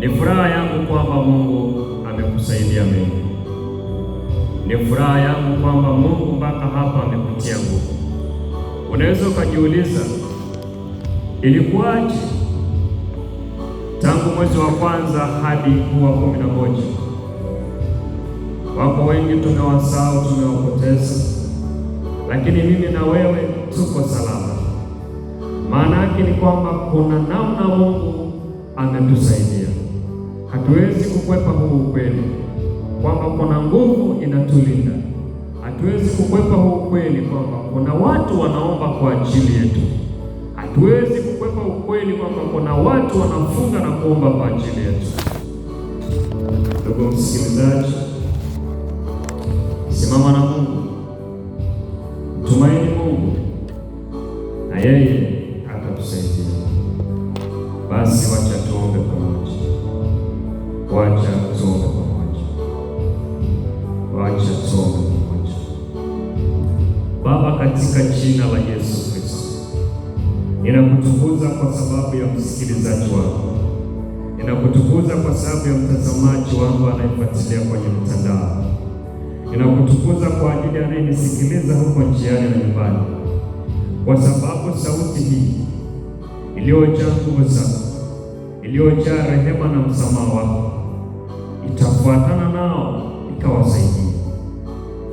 Ni furaha yangu kwamba Mungu amekusaidia mimi Ni furaha yangu kwamba Mungu mpaka hapa amekutia nguvu. Unaweza ukajiuliza ilikuwaje tangu mwezi wa kwanza hadi kuwa kumi na moja? Wako wengi tumewasahau, tumewapoteza, lakini mimi na wewe tuko salama. Maana yake ni kwamba kuna namna Mungu ametusaidia. Hatuwezi kukwepa huu ukweli kwamba kuna nguvu inatulinda. Hatuwezi kukwepa huu ukweli kwamba kuna watu wanaomba kwa ajili yetu. Hatuwezi kukwepa ukweli kwamba kuna watu wanafunga na kuomba kwa ajili yetu. Ndugu msikilizaji, simama na Mungu, mtumaini Mungu na yeye atakusaidia. Basi katika jina la Yesu Kristo. Ninakutukuza kwa sababu ya msikilizaji wako, ninakutukuza kwa sababu ya mtazamaji wangu anayefuatilia kwenye mtandao, ninakutukuza kwa ajili anayenisikiliza huko njiani na nyumbani, kwa sababu sauti hii iliyojaa nguvu zako, iliyojaa rehema na msamaha wako itafuatana nao ikawasaidia.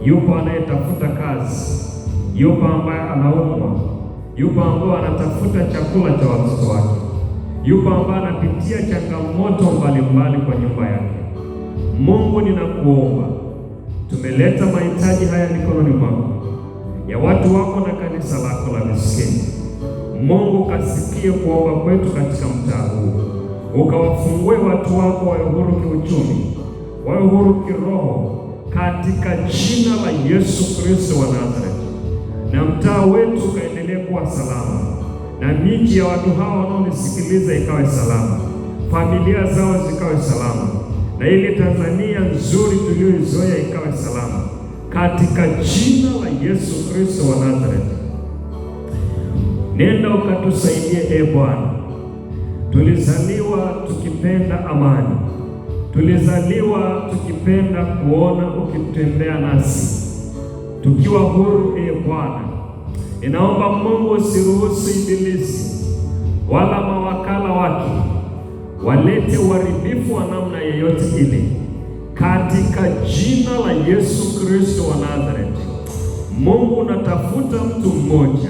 Yupo anayetafuta kazi yupo ambaye anaumwa, yupo ambaye anatafuta chakula cha watoto wake, yupo ambaye anapitia changamoto mbalimbali kwa nyumba yake. Mungu, ninakuomba, tumeleta mahitaji haya mikononi mwako, ya watu wako na kanisa lako la misikini. Mungu, kasikie kuomba kwetu katika mtaa huu, ukawafungue watu wako wawe huru kiuchumi, wawe huru kiroho, katika jina la Yesu Kristo wa Nazareti na mtaa wetu ukaendelee kuwa salama, na miji ya watu hawa wanaonisikiliza ikawe salama, familia zao zikawe salama, na ile Tanzania nzuri tuliyoizoea ikawe salama, katika jina la Yesu Kristo wa Nazareti. Nenda ukatusaidie, e Bwana. Tulizaliwa tukipenda amani, tulizaliwa tukipenda kuona ukitembea nasi tukiwa huru. E Bwana, inaomba Mungu usiruhusu Ibilisi wala mawakala wake walete uharibifu wa namna yeyote ile, katika jina la Yesu Kristo wa Nazareti. Mungu, unatafuta mtu mmoja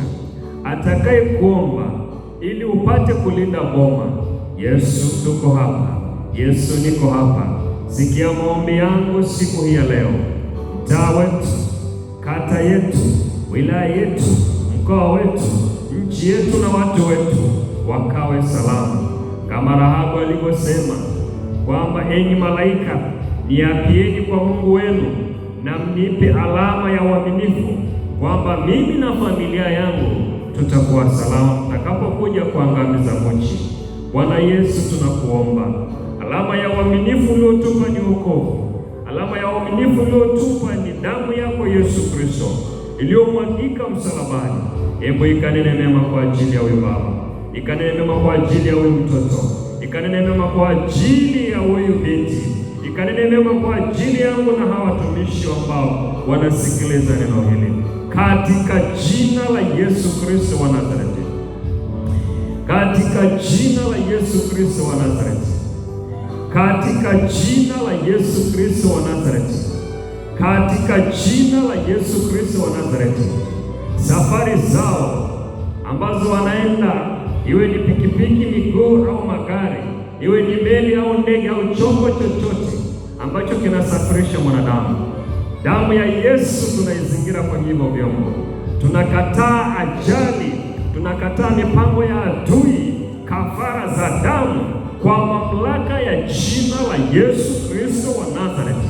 atakaye kuomba ili upate kulinda boma. Yesu, tuko hapa. Yesu, niko hapa. Sikia maombi yangu siku hii ya leo. Mtaa wetu kata yetu, wilaya yetu, mkoa wetu, nchi yetu na watu wetu wakawe salama, kama Rahabu alivyosema kwamba enyi malaika, niapieni kwa Mungu wenu na mnipe alama ya uaminifu kwamba mimi na familia yangu tutakuwa salama mtakapokuja kuangamiza mochi. Bwana Yesu, tunakuomba alama ya uaminifu uliotupa ni wokovu uaminifu uliotupa ni damu yako Yesu Kristo iliyomwagika msalabani. Hebu ikanene mema kwa ajili ya huyu baba, ikanene mema kwa ajili ya huyu mtoto, ikanene mema kwa ajili ya huyu binti, ikanene mema kwa ajili yangu na hawa watumishi ambao wanasikiliza neno hili katika jina la Yesu Kristo wa Nazareti, katika jina la Yesu Kristo wa Nazareti katika jina la Yesu Kristo wa Nazareti, katika jina la Yesu Kristo wa Nazareti. Safari zao ambazo wanaenda, iwe ni pikipiki, miguu au magari, iwe ni meli au ndege au chombo chochote ambacho kinasafirisha mwanadamu, damu ya Yesu tunaizingira kwenye hivyo vyombo. Tunakataa ajali, tunakataa mipango ya adui kafara za damu kwa mamlaka ya jina la Yesu Kristo wa Nazareti.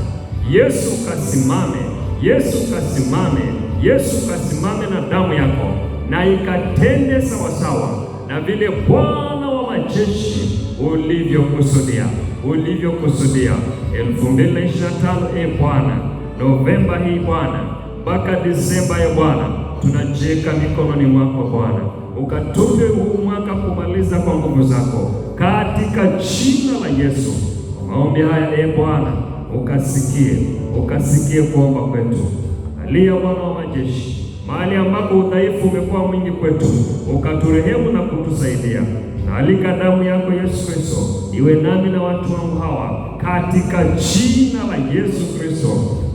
Yesu kasimame, Yesu kasimame, Yesu kasimame na damu yako, na ikatende sawasawa na vile Bwana wa majeshi ulivyokusudia, ulivyokusudia 2025. E ee Bwana, Novemba hii Bwana, mpaka Disemba, e Bwana, tunajiweka mikononi mwako Bwana ukatupe huu mwaka kumaliza kwa nguvu zako, katika jina la Yesu. Maombi haya e Bwana, ukasikie, ukasikie kuomba kwetu. Alia Bwana wa majeshi, mahali ambapo udhaifu umekuwa mwingi kwetu, ukaturehemu na kutusaidia. Naalika damu yako Yesu Kristo iwe nami na watu wangu hawa, katika jina la Yesu Kristo.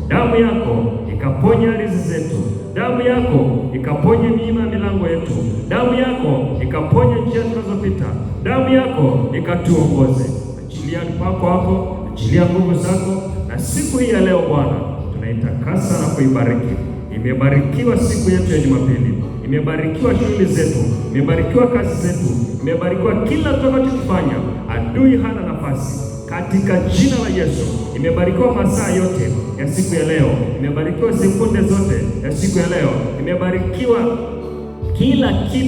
Damu yako ikaponya rizi zetu Damu yako ikaponye miima ya milango yetu, damu yako ikaponye njia tunazopita, damu yako ikatuongoze. Achilia pako hapo, achilia nguvu zako, na siku hii ya leo Bwana tunaitakasa na kuibariki. Imebarikiwa siku yetu ya Jumapili, imebarikiwa shughuli zetu, imebarikiwa kazi zetu, imebarikiwa kila tunachokifanya. Adui hana nafasi katika jina la Yesu. Imebarikiwa masaa yote ya siku ya leo, imebarikiwa sekunde zote ya siku ya leo, imebarikiwa kila kitu.